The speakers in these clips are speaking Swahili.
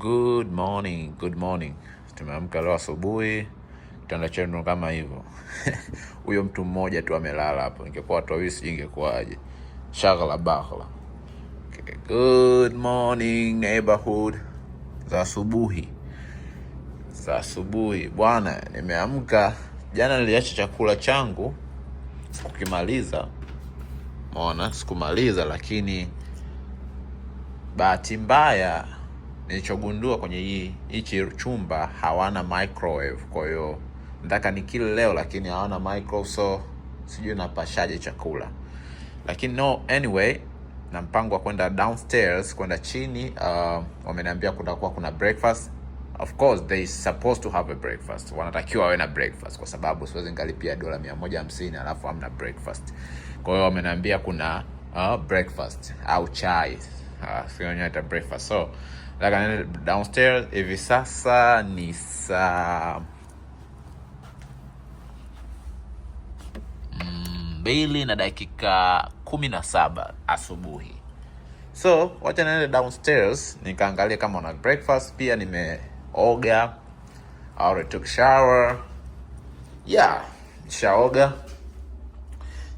Good morning, good morning. Tumeamka leo asubuhi, kitanda chenu kama hivyo huyo mtu mmoja tu amelala hapo, ingekuwa watu wawili sijui ingekuwaje. shaghla bahla Okay. Good morning neighborhood za asubuhi za asubuhi bwana, nimeamka jana, niliacha chakula changu sikukimaliza, mona sikumaliza, lakini bahati mbaya nilichogundua kwenye hii hichi chumba hawana microwave, kwa hiyo nataka ni kile leo, lakini hawana microwave, so sijui napashaje chakula, lakini no anyway na mpango wa kwenda downstairs kwenda chini. Uh, wameniambia kutakuwa kuna breakfast. Of course they supposed to have a breakfast, wanatakiwa wawe na breakfast kwa sababu siwezi ngalipia dola 150 alafu hamna breakfast. Kwa hiyo wameniambia kuna uh, breakfast au chai uh, sio nyata breakfast so la downstairs hivi sasa ni saa mm, mbili na dakika kumi na saba asubuhi. So wacha naende downstairs nikaangalia kama una breakfast. Pia nimeoga, already took shower. Yeah, nishaoga,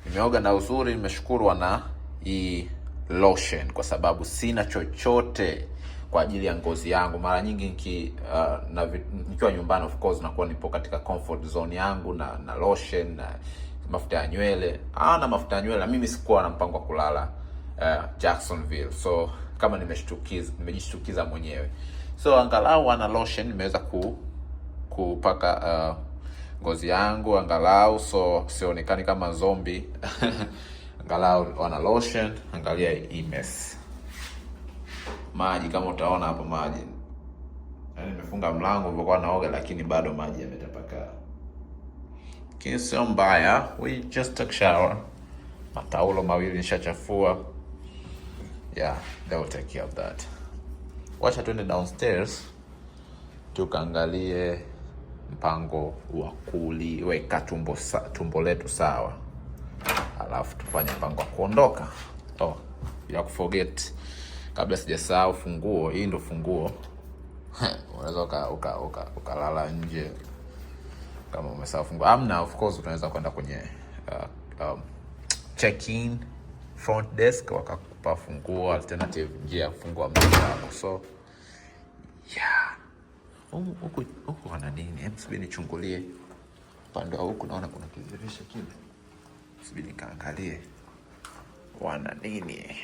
nimeoga na uzuri, nimeshukuru wana hii lotion kwa sababu sina chochote kwa ajili ya ngozi yangu. Mara nyingi niki, uh, na, nikiwa nyumbani of course nakuwa nipo katika comfort zone yangu na na lotion na mafuta ya nywele ah, na mafuta ya nywele mimi sikuwa na mpango wa kulala uh, Jacksonville, so kama nimeshtukiza nimejishtukiza mwenyewe, so angalau ana lotion nimeweza ku kupaka uh, ngozi yangu angalau, so sionekani kama zombie angalau wana lotion, angalia imes maji kama utaona hapo maji. Yaani nimefunga mlango nilipokuwa naoga lakini bado maji yametapakaa. Lakini sio mbaya, we just took shower. Mataulo mawili nishachafua. Yeah, they will take care of that. Wacha tuende downstairs tukaangalie mpango wa kuliweka tumbo, sa, tumbo letu sawa, alafu tufanye mpango wa kuondoka. Oh, ya kuforget kabla sijasahau, funguo hii ndo funguo unaweza ukalala uka, uka, uka nje kama umesahau funguo. Amna, ah, of course unaweza kwenda kwenye uh, um, check in front desk wakakupa funguo, alternative njia ya kufungua mlango wako. So yeah, huku wana nini? Hebu nichungulie upande wa huku, naona kuna kizirisha kile, subiri nikaangalie wana nini.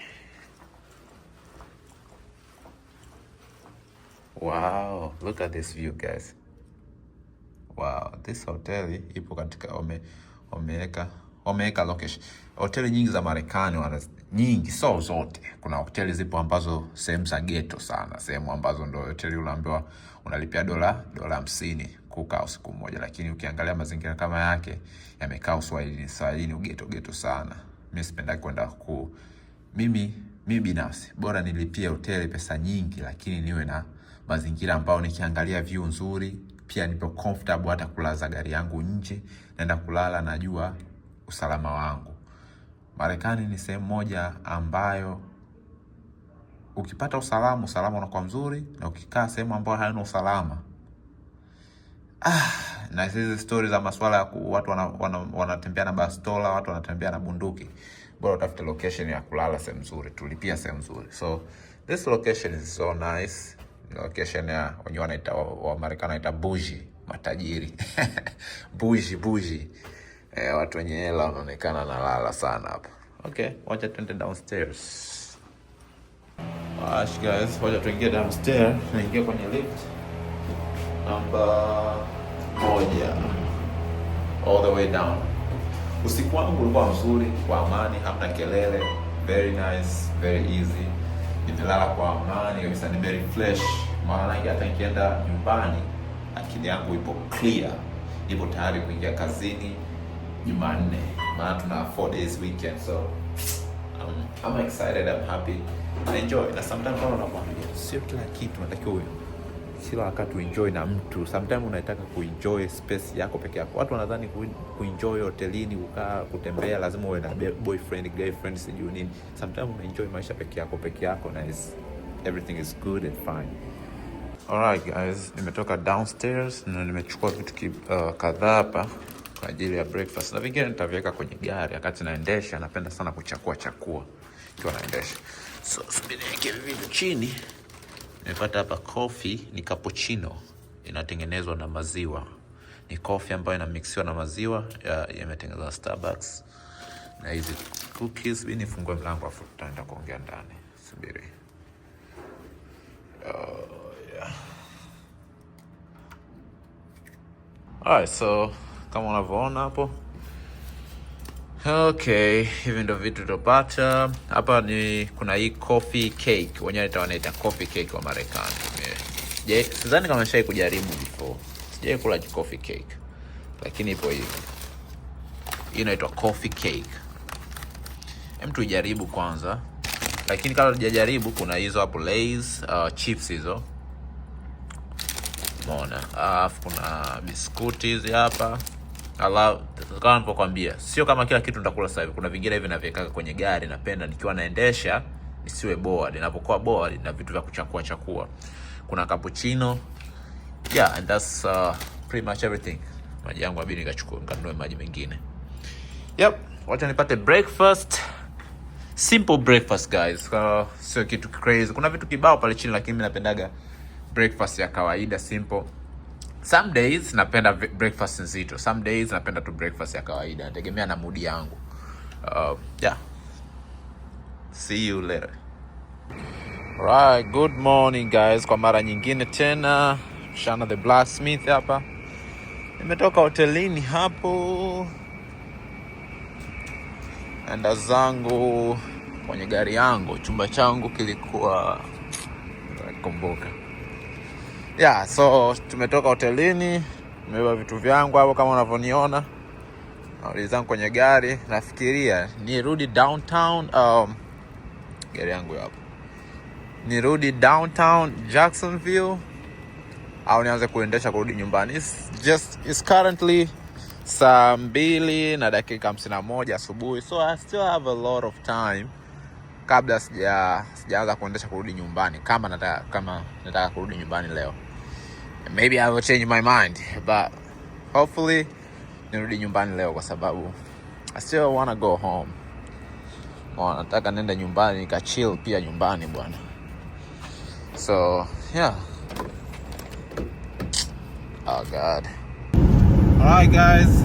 Wow, look at this view guys. Wow, this hoteli ipo katika ome omeka omeka location. Hoteli nyingi za Marekani wana nyingi, so zote. Kuna hoteli zipo ambazo sehemu za ghetto sana, sehemu ambazo ndio hoteli unaambiwa unalipia dola dola 50 kukaa usiku mmoja, lakini ukiangalia mazingira kama yake yamekaa uswahilini, uswahilini ugeto geto sana. Mimi sipenda kwenda ku mimi mimi binafsi bora nilipie hoteli pesa nyingi, lakini niwe na mazingira ambayo nikiangalia view nzuri, pia nipo comfortable hata kulaza gari yangu nje, naenda kulala najua usalama wangu. Marekani ni sehemu moja ambayo ukipata usalama, usalama unakuwa mzuri, na ukikaa sehemu ambayo haina usalama ah, na hizi stori za masuala ya watu wanatembea wana, wana na bastola, watu wanatembea na bunduki, bora utafute location ya kulala sehemu nzuri, tulipia sehemu nzuri. So this location is so nice location ya wenyewe wanaita wa Marekani wanaita buji matajiri buji buji. E, watu wenye hela wanaonekana nalala sana hapa. Okay, wacha tuende downstairs. Wash ah, guys, wacha tuingie downstairs, tunaingia kwenye lift namba moja all the way down. Usiku wangu ulikuwa mzuri, kwa amani, hamna kelele, very nice, very easy nimelala kwa amani kabisa, nime fresh. Maana yake hata nikienda nyumbani akili yangu ipo clear, ipo tayari kuingia kazini Jumanne, maana tuna four days weekend, so I'm, I'm excited, I'm happy, I enjoy na sometimes, nakwambia sio kila kitu natakiwa kila wakati uenjoy na mtu. Sometimes unataka kuenjoy space yako peke yako. Watu wanadhani kuenjoy hotelini, kukaa, kutembea lazima uwe na boyfriend, girlfriend, sijui nini. Sometimes unaenjoy maisha peke yako peke yako na is, everything is good and fine. Alright guys, nimetoka downstairs na nimechukua vitu uh, kadhaa hapa kwa ajili ya breakfast na vingine nitaviweka kwenye gari wakati naendesha. Napenda sana kuchakua chakua ikiwa naendesha, so subiri niweke vitu chini Nimepata hapa kofi ni cappuccino, inatengenezwa na maziwa. Ni kofi ambayo inamixiwa na maziwa, yametengenezwa na Starbucks. Na hizi cookies, mimi nifungue mlango afu tutaenda kuongea ndani. Subiri. Oh, yeah. Alright, so kama unavyoona hapo Okay, hivi ndo vitu tutopata hapa. Ni kuna hii coffee cake, wenyewe wanaita coffee cake wa Marekani. Je, sidhani kama nishai kujaribu before, sijai kula coffee cake, lakini ipo hivi. Hii inaitwa coffee cake, hem tuijaribu kwanza, lakini kabla tujajaribu, kuna hizo hapo Lay's uh, chips hizo umeona, alafu kuna biskuti hizi hapa Ala, kama nilipokuambia, sio kama kila kitu nitakula sasa hivi. Kuna vingine hivi naviwekaka kwenye gari, napenda nikiwa naendesha nisiwe bored. Ninapokuwa bored na vitu vya kuchakua chakua. Kuna cappuccino. Yeah, and that's uh, pretty much everything. Maji yangu abidi nikachukua nikanunue maji mengine. Yep, wacha nipate breakfast. Simple breakfast guys. Uh, sio kitu crazy. Kuna vitu kibao pale chini, lakini mimi napendaga breakfast ya kawaida simple. Some days napenda breakfast nzito, some days napenda tu breakfast ya kawaida, nategemea na mudi yangu. Uh, yeah. See you later. Right, good morning guys. Kwa mara nyingine tena Shana the Blacksmith hapa. Nimetoka hotelini hapo enda zangu kwenye gari yangu, chumba changu kilikuwa kumbuka yeah, so tumetoka hotelini, nimebeba vitu vyangu hapo kama unavyoniona, nauli zangu kwenye gari. Nafikiria nirudi downtown, um, gari yangu hapo, nirudi downtown Jacksonville au nianze kuendesha kurudi nyumbani. It's just it's currently saa mbili na dakika hamsini na moja asubuhi, so I still have a lot of time kabla sija sijaanza kuendesha kurudi nyumbani, kama nataka kama nataka kurudi nyumbani leo maybe I will change my mind but hopefully nirudi nyumbani leo, kwa sababu I still wanna go home. Nataka nenda nyumbani nika chill pia nyumbani bwana, so yeah. Oh God. right guys.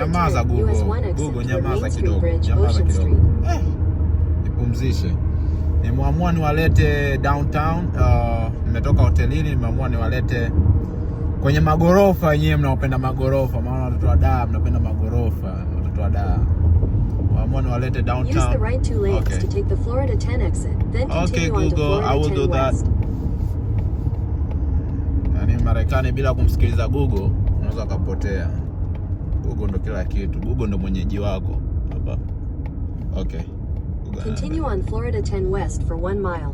Nyamaza Google. Google nyamaza kidogo. Nyamaza kidogo. Eh nimeamua niwalete downtown. Uh, nimetoka hotelini, nimeamua niwalete kwenye magorofa yenyewe. Mnaopenda magorofa, maana watoto wa daa mnapenda magorofa, watoto wa daa nimeamua niwalete downtown. right okay, okay, I will do that. Yani Marekani bila kumsikiliza Google unaweza ukapotea. Google ndo kila kitu, Google ndo mwenyeji wako hapa. Okay. Continue on Florida 10 West for one mile.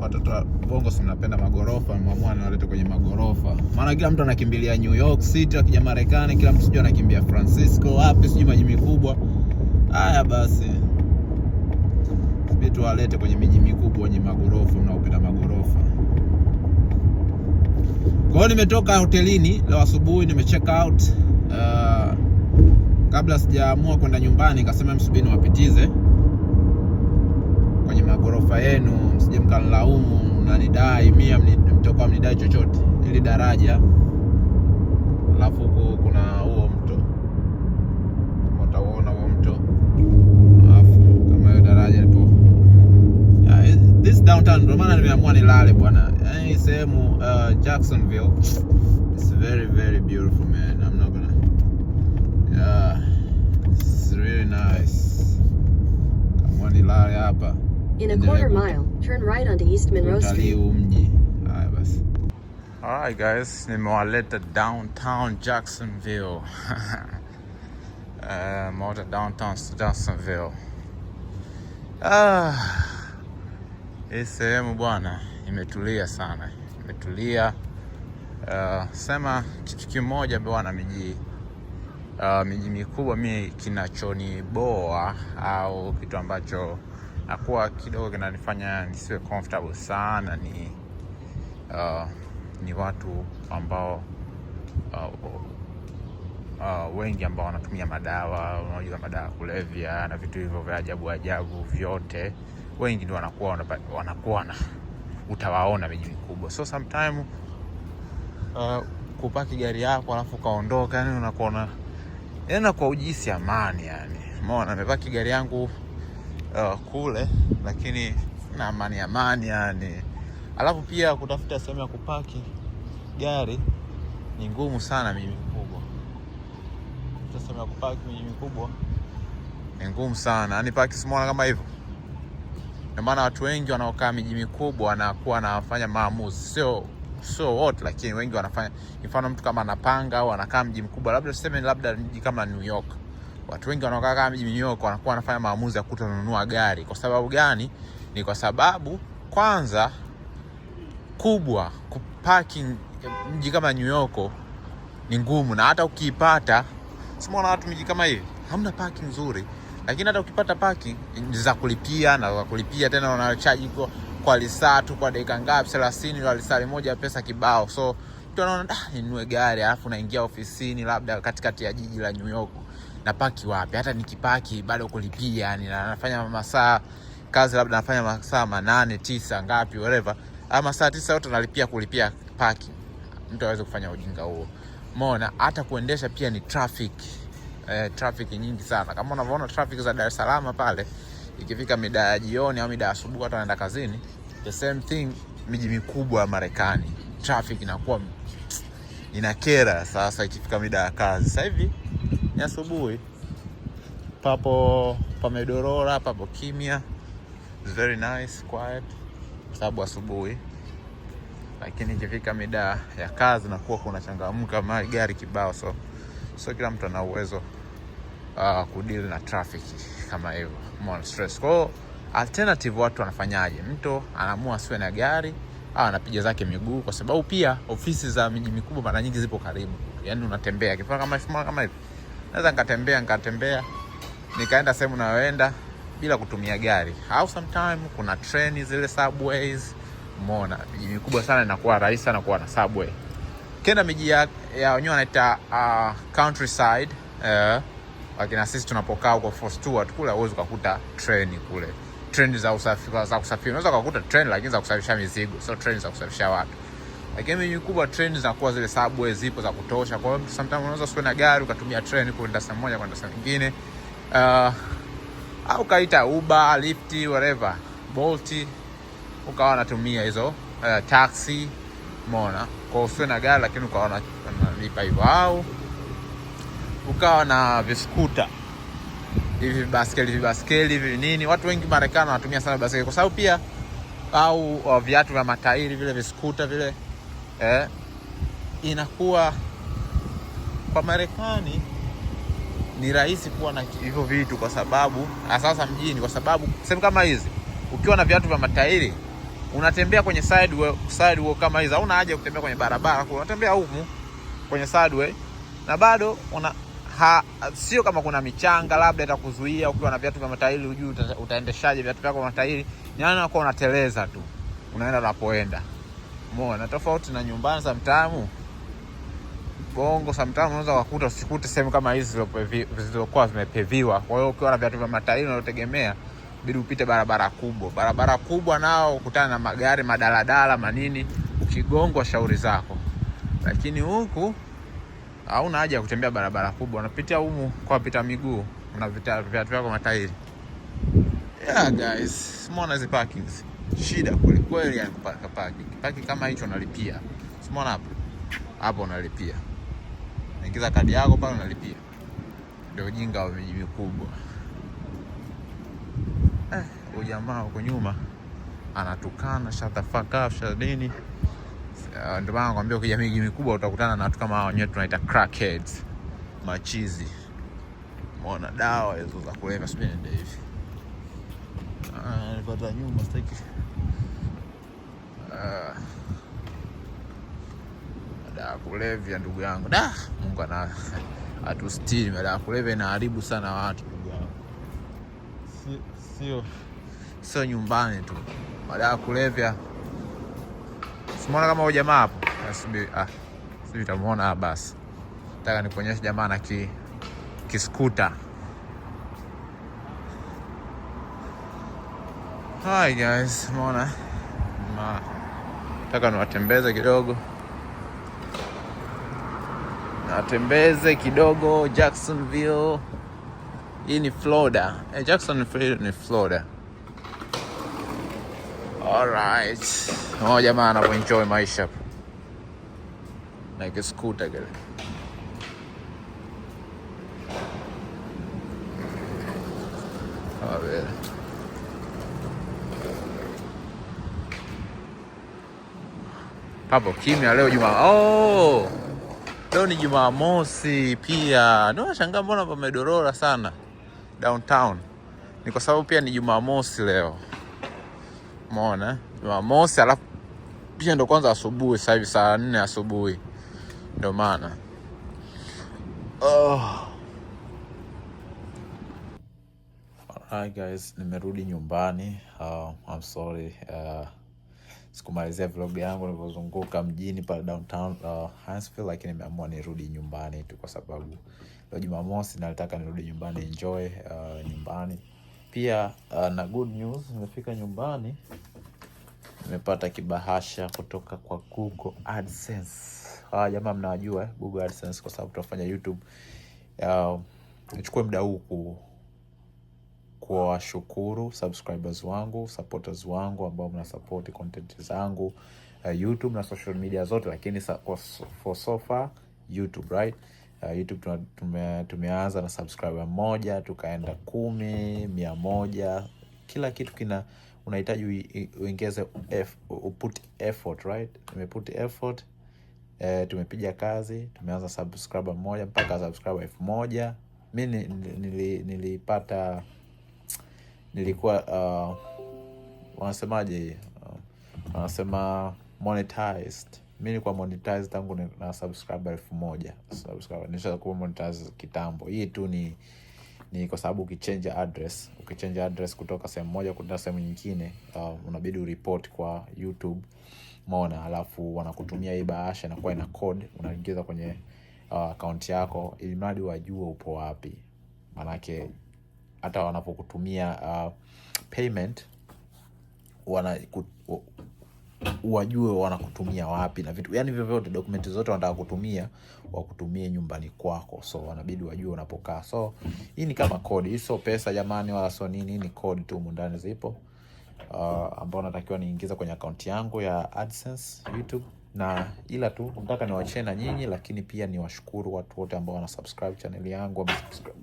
Watoto wa si mnapenda magorofa, mamua nawaleta kwenye magorofa, maana kila mtu anakimbilia New York City akija Marekani, kila mtu sijui anakimbia Francisco wapi, sijui miji mikubwa. Haya basi, vitu walete kwenye miji mikubwa yenye magorofa, mnaopenda magorofa. Kwa hiyo nimetoka hotelini leo asubuhi, nime check out uh, kabla sijaamua kwenda nyumbani, nikasema msubiri niwapitize maafa yenu, msije mkanlaumu na nidai mia mtoka mnidai chochote, ili daraja alafu huku kuna huo mto utauona huo mto, alafu kama hiyo daraja lipo yeah, this downtown. Ndio maana nimeamua nilale bwana, yaani sehemu uh, Jacksonville it's very very beautiful man, I'm not gonna yeah it's really nice, kama nilale hapa In a quarter mile, turn right onto East Monroe Street. Haya basi. Alright guys, nimewaleta downtown Jacksonville. uh, eh, to downtown Jacksonville. Ah, hii sehemu bwana imetulia sana, imetulia uh, sema kitu kimoja bwana miji uh, miji mikubwa mi kinachoniboa au kitu ambacho nakuwa kidogo kinanifanya nisiwe comfortable sana ni, uh, ni watu ambao uh, uh, wengi ambao wanatumia madawa, unajua madawa kulevya na vitu hivyo vya ajabu ajabu vyote, wengi ndio wanakuwa wanakuwa na utawaona miji mikubwa, so sometime uh, kupaki gari yako alafu kaondoka, yani unakuwa na yani na kwa ujisi amani, yani umeona, nimepaki gari yangu uh, kule, lakini na amani amani yani. Alafu pia kutafuta sehemu ya kupaki gari ni ngumu sana miji mikubwa, kutafuta sehemu ya kupaki miji mikubwa ni ngumu sana yani, paki simona kama hivyo. Ndio maana watu wengi wanaokaa miji mikubwa wanakuwa wanafanya maamuzi, sio sio wote, lakini wengi wanafanya. Mfano mtu kama anapanga au anakaa mji mkubwa, labda tuseme, labda mji kama New York Watu wengi wanaokaa kama mji minyoko wanakuwa wanafanya maamuzi ya kutonunua gari. Kwa sababu gani? Ni kwa sababu kwanza kubwa kupaki mji kama New York ni ngumu, na hata ukiipata, simona watu miji kama hivi hamna parking nzuri, lakini hata ukipata parking za kulipia na za kulipia tena unachaji kwa, kwa lisaa tu kwa dakika ngapi 30 la lisaa moja pesa kibao, so mtu anaona ah, ninunue gari alafu naingia ofisini labda katikati ya jiji la New York na paki wapi? Hata nikipaki bado kulipia, yani nafanya masaa kazi, labda nafanya masaa manane tisa, ngapi whatever, ama masaa tisa yote nalipia kulipia paki, Mtu aweze kufanya ujinga huo, umeona? Hata kuendesha pia ni traffic eh, traffic nyingi sana, kama unavyoona traffic za Dar es Salaam pale, ikifika mida ya jioni au mida ya asubuhi, hata naenda kazini, the same thing. Miji mikubwa ya Marekani traffic inakuwa inakera. Sasa ikifika mida ya kazi sasa hivi ni asubuhi, papo pamedorora, papo kimya, very nice quiet, sababu asubuhi. Lakini ikifika mida ya kazi nakuwa kuna changamka magari kibao, so so kila mtu ana uwezo uh, kudili na traffic kama hivyo, more stress. Kwa hiyo alternative, watu wanafanyaje? Mtu anaamua asiwe na gari au anapiga zake miguu, kwa sababu pia ofisi za miji mikubwa mara nyingi zipo karibu, yani unatembea kifaa kama kama hivi naweza nikatembea nikatembea nikaenda sehemu nayoenda bila kutumia gari, au sometime kuna treni zile subways. mona miji mikubwa sana inakuwa rahisi sana kuwa na subway. Kenda miji ya wenyewe wanaita uh, countryside uh, lakini sisi tunapokaa huko for stuart kule huwezi ukakuta treni kule. Treni za usafiri za kusafiri unaweza ukakuta treni, lakini za kusafirisha mizigo, sio treni za kusafirisha watu. Lakini miji mikubwa treni zinakuwa zile subway zipo za kutosha. Kwa hiyo sometimes unaweza usiwe na gari ukatumia treni kwenda sehemu moja kwenda sehemu nyingine. Uh, au kaita Uber, Lyft, whatever, Bolt ukawa unatumia hizo uh, taxi, mona Kwa usiwe na gari lakini ukawa unalipa hivyo au ukawa na viskuta hivi baskeli hivi baskeli hivi nini. Watu wengi Marekani wanatumia sana baskeli kwa sababu pia, au uh, viatu vya matairi vile viskuta vile eh, inakuwa kwa Marekani ni rahisi kuwa na hivyo vitu kwa sababu sasa mjini, kwa sababu sehemu kama hizi ukiwa na viatu vya matairi unatembea kwenye sideway, sideway kama hizi, hauna haja ya kutembea kwenye barabara, unatembea humu kwenye sideway na bado una ha, sio kama kuna michanga labda itakuzuia. Ukiwa na viatu vya matairi hujui utaendeshaje viatu vyako vya matairi, ni kwa unateleza tu unaenda unapoenda mona tofauti na nyumbani samtamu Bongo samtamu unaweza kukuta usikute sehemu kama hizi zilizokuwa vimepeviwa. Kwa hiyo ukiwa na viatu vya matairi unalotegemea bidi upite barabara kubwa. Barabara kubwa nao ukutana na magari madaladala manini, ukigongwa shauri zako. Lakini huku hauna haja ya kutembea barabara kubwa, unapitia humu kwa pita miguu na viatu vyako matairi. Yeah guys, smona hizi parkings shida kweli kweli ya mpaka paki. Kipaki kama hicho unalipia. Umeona hapo? Hapo unalipia. Ingiza kadi yako pale unalipia. Ndio ujinga wa miji mikubwa. Eh, ujamaa huko nyuma anatukana shatafaka shadini. Ah, ndio maana nakwambia ukija miji mikubwa utakutana na watu kama hao wenyewe tunaita crackheads. Machizi. Umeona dawa hizo za kulevya sijui ndio hivi. Nilipata nyuma staki. Madawa kulevya ndugu yangu, da Mungu ana atustiri. Madawa kulevya inaharibu sana watu ndugu yangu, sio sio nyumbani tu. Madawa kulevya simona kama huyo jamaa hapo, ah, sijui ah, utamuona. Ah, basi nataka nikuonyesha jamaa na ki kiskuta Hi guys, mona taka niwatembeze kidogo, nawatembeze kidogo Jacksonville. Hii ni Florida. Hey, eh, Jacksonville ni Florida. Alright, oh, jamaa anapoenjoy maisha like scooter gari oh, Hapo kimya leo Juma. Oh! Leo ni Jumamosi pia. Ndio nashangaa mbona pamedorora sana downtown. Ni kwa sababu pia ni Jumamosi leo. Umeona? Jumamosi alafu pia ndo kwanza asubuhi sasa hivi saa nne asubuhi. Ndio maana. Oh. Hi guys, nimerudi nyumbani. Uh, I'm sorry. Uh, sikumalizia vlog yangu nilivyozunguka mjini pale downtown uh, Huntsville, lakini nimeamua nirudi nyumbani tu kwa sababu leo Jumamosi nalitaka nirudi nyumbani enjoy uh, nyumbani pia. Uh, na good news, nimefika nyumbani nimepata kibahasha kutoka kwa Google AdSense. Ah, jamaa mnawajua eh, Google AdSense kwa sababu tunafanya YouTube. Uh, nichukue muda huu kuwashukuru subscribers wangu, supporters wangu ambao support content zangu uh, YouTube na social media zote, lakini for sofa YouTube right uh, YouTube tume, tumeanza na subscriber moja tukaenda kumi, mia moja, kila kitu kina unahitaji uongeze put effort right, tumeput effort uh, tumepiga kazi, tumeanza subscriber moja mpaka subscriber elfu moja mi nilipata nili, nili nilikuwa uh, wanasemaje, uh, wanasema monetized. Mi nikuwa monetized tangu na subscribe elfu moja subscriber, nishakuwa monetized kitambo. Hii tu ni ni kwa sababu ukichenja address, ukichenja address kutoka sehemu moja kuenda sehemu nyingine, uh, unabidi uripoti kwa YouTube mona, alafu wanakutumia hii bahasha inakuwa ina code, unaingiza kwenye uh, akaunti yako, ili mradi wajue upo wapi manake hata wanapokutumia uh, payment wana wajue wanakutumia wapi na vitu yani vyovyote, dokumenti zote wanataka kutumia wakutumie nyumbani kwako, so wanabidi wajue unapokaa. So hii ni kama kodi, sio pesa jamani, wala sio nini, ni kodi tu humu ndani zipo uh, ambao natakiwa niingiza kwenye akaunti yangu ya AdSense YouTube, na ila tu nataka niwachie na nyinyi, lakini pia niwashukuru watu wote ambao wana subscribe channel yangu, wamesubscribe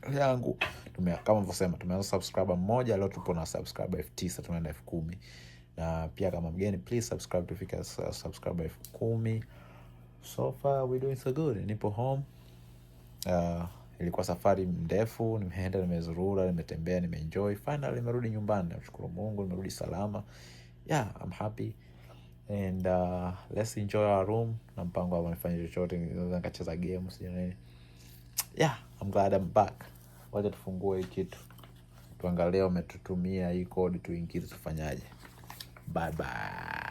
channel yangu tume, kama mvosema tumeanza subscriber mmoja, leo tupo na subscriber elfu tisa tunaenda elfu kumi na pia kama mgeni please subscribe, tufike subscriber elfu kumi So far we doing so good. Nipo home. Uh, ilikuwa safari ndefu, nimeenda nimezurura, nimetembea, nimeenjoy. Finally nimerudi nyumbani, namshukuru Mungu, nimerudi salama. Yeah, I'm happy and uh, let's enjoy our room. Na mpango wa nifanye chochote, nikacheza game, sijui nini. Yeah, I'm glad I'm back. Wacha tufungue hii kitu tuangalie, umetutumia hii code tuingize, tufanyaje? Bye bye.